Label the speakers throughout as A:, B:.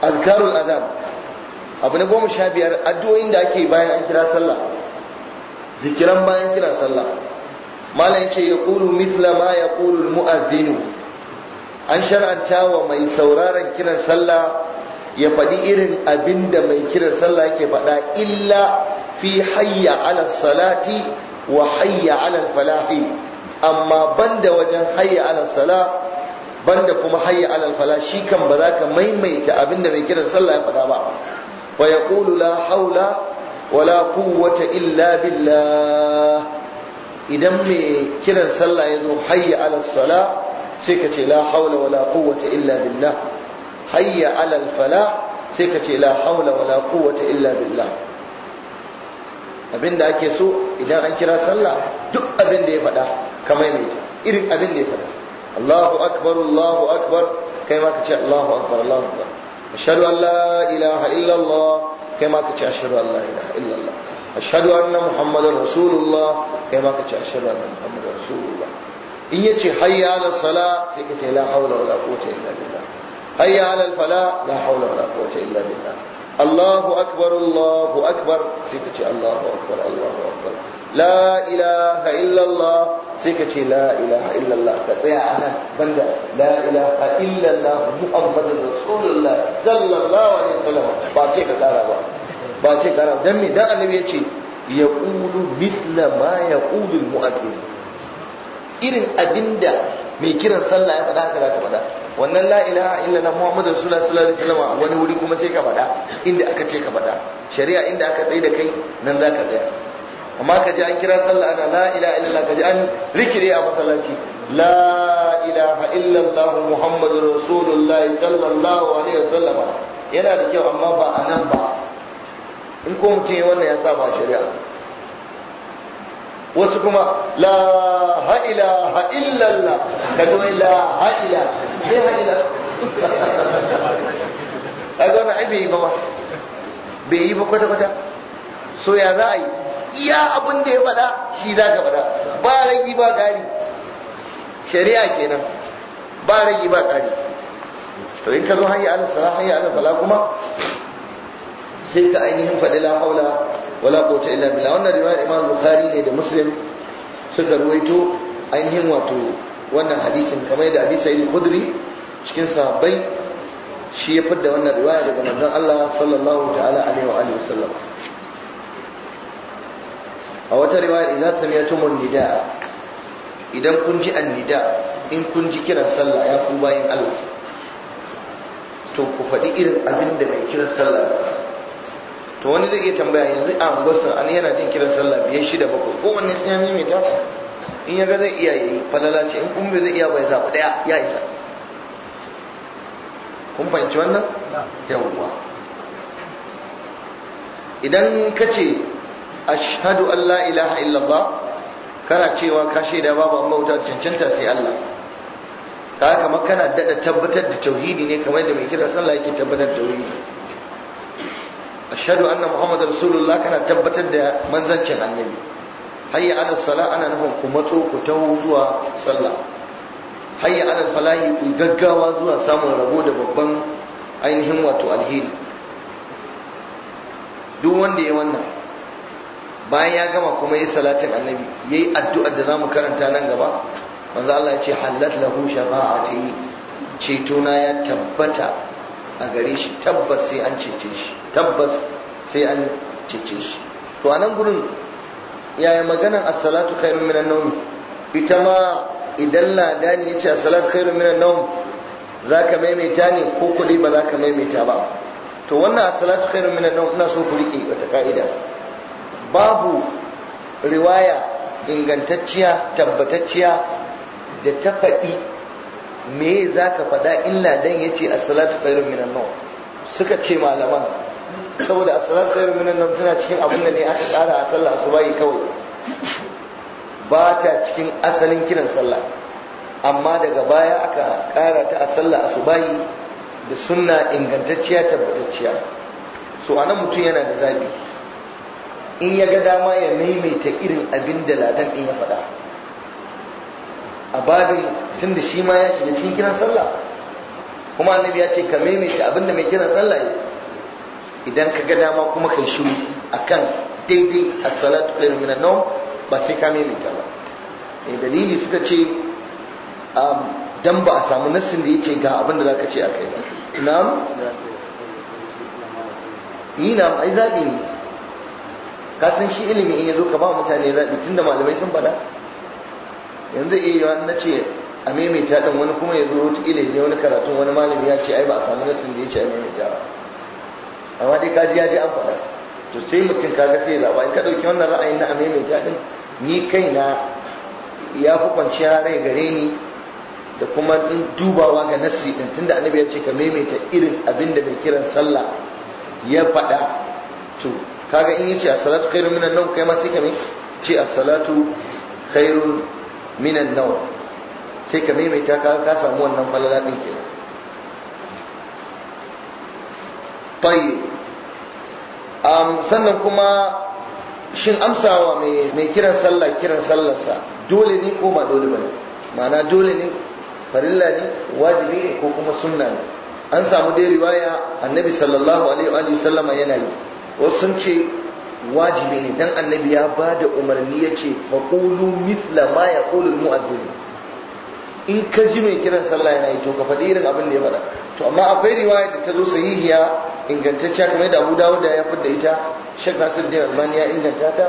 A: azkarul azan abu na goma sha biyar addu'o'in da ake bayan an kira sallah zikiran bayan kira sallah malam ce ya kulu misla ma ya kulu mu'azzinu an shar'anta wa mai sauraron kiran sallah ya faɗi irin abin da mai kiran sallah yake faɗa illa fi hayya ala salati wa hayya ala falahi amma banda wajen hayya ala salah banda kuma hayya alal fala shi kan ba za ka maimaita abin da mai kiran sallah ya faɗa ba wa yaqulu la haula wala quwwata illa billah idan mai kiran sallah ya zo hayya alal sala sai ka ce la haula wala quwwata illa billah hayya alal fala sai ka ce la haula wala quwwata illa billah abin da ake so idan an kira sallah duk abin da ya faɗa ka maimaita irin abin da ya faɗa Allahu akbar Allahu akbar kai ma ka ce Allahu akbar an la illa Allah kai ma ka ce illa Allah ashhadu anna muhammadar rasulullah kai ma ka muhammadar rasulullah in yace hayya ala sala sai ka ce la haula wala quwwata illa billah hayya ala fala la haula wala quwwata illa billah Allahu akbar Allahu akbar sai ka ce illa Allah sai ka ce la ilaha illallah ka tsaya a nan banda la ilaha illallah muhammadin rasulullah sallallahu alaihi wasallam ba ce ka kara ba ba ce kara dan me dan annabi ya ce yaqulu mithla ma yaqulu almu'adhdhin irin abinda mai kiran sallah ya faɗa haka ka faɗa wannan la ilaha illallah muhammadu rasulullah sallallahu alaihi wasallam wani wuri kuma sai ka faɗa inda aka ce ka faɗa shari'a inda aka tsaye da kai nan za ka tsaya amma ka ji an kira sallah ana la ilaha illallah ka ji an rikire a masallaci la ilaha illallah muhammadur rasulullah sallallahu alaihi wasallam yana da kyau amma ba a nan ba in ko mutum ya wannan ya saba shari'a wasu kuma la ha ilaha illallah Ka ga la ha ila ke ha ila kaga ga ai bai yi ba bai yi ba kwata kwata so ya za a yi iya abin da ya faɗa shi za ka faɗa ba ragi ba ƙari shari'a kenan ba ragi ba ƙari to in ka zo hanyar ala sala hanyar ala fala kuma sai ka ainihin faɗi la haula wala kota illa billah wannan riwaya imam bukhari ne da muslim suka ruwaito ainihin wato wannan hadisin kamar da abi sa'id khudri cikin sahabbai shi ya fidda wannan riwaya daga manzon Allah sallallahu ta'ala alaihi wa alihi wasallam a wata riwaya idza sami'tumun nida idan kun ji annida in kun ji kiran sallah ya ku bayin Allah to ku faɗi irin abin da mai kiran sallah to wani zai iya tambaya yanzu a gwasa an yana jin kiran sallah biyar shida bakwai ko wanne sun yami mai ta in ya ga zai iya yi falala ce in kun bai zai iya bai ku ɗaya ya isa kun fahimci wannan yawwa idan ka ce ashhadu an la ilaha illallah kana cewa ka shaida babu an bauta cancanta sai Allah ka kama kana dada tabbatar da tauhidi ne kamar da mai kira sallah yake tabbatar da tauhidi ashhadu anna muhammadar rasulullah kana tabbatar da manzancin annabi hayya ala sala ana nufin ku matso ku taho zuwa sallah hayya ala falahi ku gaggawa zuwa samun rabo da babban ainihin wato alheri duk wanda ya wannan bayan ya gama kuma yi salatin annabi yayi addu'ar da zamu karanta nan gaba manzo Allah ya ce halat lahu shafa'ati ceto na ya tabbata a gare shi tabbas sai an cece shi tabbas sai an cece shi to a nan gurin yaya maganan as-salatu khairun minan nawm ita ma idan ladani ya ce as-salatu khairun minan nawm zaka maimaita ne ko kudi ba zaka maimaita ba to wannan as-salatu khairun minan nawm ina so ku rike wata ka'ida babu riwaya ingantacciya tabbatacciya da ta faɗi me za ka faɗa illa dan ya ce asalatu khairun minan nawm suka ce malaman saboda asalatu khairun minan nawm tana cikin abin da ne aka tsara a sallah asubahi kawai ba ta cikin asalin kiran sallah amma daga baya aka ƙara ta a sallah asubahi da sunna ingantacciya tabbatacciya so anan mutum yana da zabi in ya ga dama ya maimaita irin abin da ladan in ya faɗa a babin tun da shi ma ya shiga cikin kiran sallah kuma annabi ya ce ka maimaita abin da mai kiran sallah idan ka ga dama kuma kai shiru akan daidai a salatu khairu minan nan ba sai ka maimaita ba mai dalili suka ce um, dan ba a samu nassin da ya ce ga abin da ka ce akai ba na'am yi na'am ai zabi ne ka san shi ilimi in ya zo ka ba mutane zaɓi tun da malamai sun faɗa yanzu iya yawan na ce a maimaita dan wani kuma ya zo wata ƙila ya wani karatun wani malami ya ce ai ba a samu nasin da ya ce a maimaita ba amma dai kaji ya ji an faɗa to sai mutum kaga sai ya zaɓa in ka ɗauki wannan ra'ayin na a maimaita ɗin ni kaina ya fi kwanciya rai gare ni da kuma dubawa ga nassi din tunda annabi ya ce ka maimaita irin abin da mai kiran sallah ya faɗa to kaga in yace as-salatu khairun minan nawm kai ma sai ka ce as-salatu khairun minan nawm sai ka maimaita ka ka samu wannan falala din ke tayi am sannan kuma shin amsawa mai kiran sallah kiran sallarsa dole ne ko ba dole bane ma'ana dole ne farilla ne wajibi ne ko kuma sunna ne an samu dai riwaya annabi sallallahu alaihi wa sallama yana yi wasu sun ce wajibi ne dan annabi ya ba da umarni ya ce faƙulu mithla ma ya ƙulul in ka ji mai kiran sallah yana yi to ka faɗi irin abin da ya faɗa to amma akwai riwaya da ta zo sahihiya ingantacciya kamar da Abu Dawud ya fitar da ita Sheikh Nasiruddin Albani ya inganta ta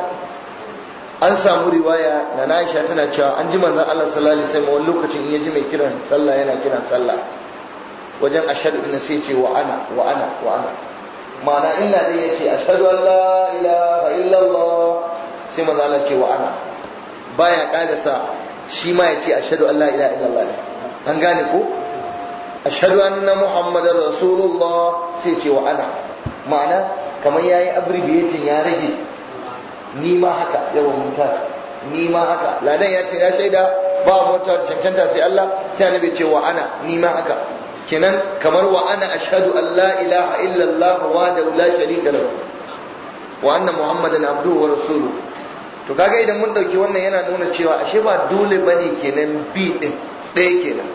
A: an samu riwaya na Aisha tana cewa an ji manzon Allah sallallahu alaihi wasallam wani lokacin in ya ji mai kiran sallah yana kiran sallah wajen ashhadu inna sai ce wa ana wa ana wa ana ma'ana illa dai ya ce ashadu an la ilaha illallah sai maza Allah ce wa ana baya kada sa shi ma ya ce ashadu an la ilaha illallah an gane ko ashhadu anna muhammadar rasulullah sai ce wa ana ma'ana kamar yayi abbreviating ya rage ni ma haka yawan mutane ni ma haka ladan ya ce ya shaida ba mota cancanta sai Allah sai annabi ce wa ana ni ma haka kenan kamar wa ana ashhadu an la ilaha illa Allah wa da la sharika lahu wa anna muhammadan abduhu wa rasuluhu to kaga idan mun dauki wannan yana nuna cewa ashe ba dole bane kenan bi din ɗaya kenan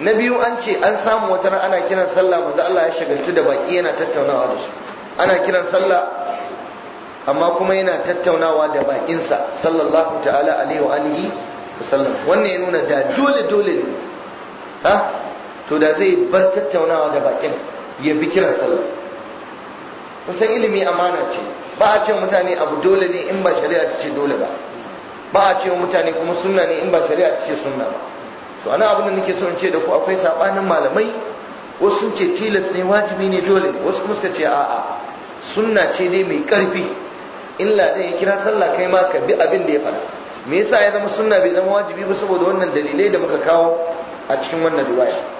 A: na biyu an ce an samu wata ran ana kiran sallah manzo Allah ya shagaltu da baki yana tattaunawa da su ana kiran sallah amma kuma yana tattaunawa da bakinsa sallallahu ta'ala alaihi wa alihi wa sallam wannan ya nuna da dole dole ne ha to da zai bar tattaunawa da bakin ya bi kiran sallah kusan ilimi amana ce ba a ce mutane abu dole ne in ba shari'a ta ce dole ba ba a ce mutane kuma sunna ne in ba shari'a ta ce sunna ba to ana abin da nake so in ce da ku akwai sabanin malamai wasu sun ce tilas ne wajibi ne dole ne wasu kuma suka ce a'a sunna ce dai mai karfi in ladan ya kira sallah kai ma ka bi abin da ya faɗa me yasa ya zama sunna bai zama wajibi ba saboda wannan dalilai da muka kawo a cikin wannan riwaya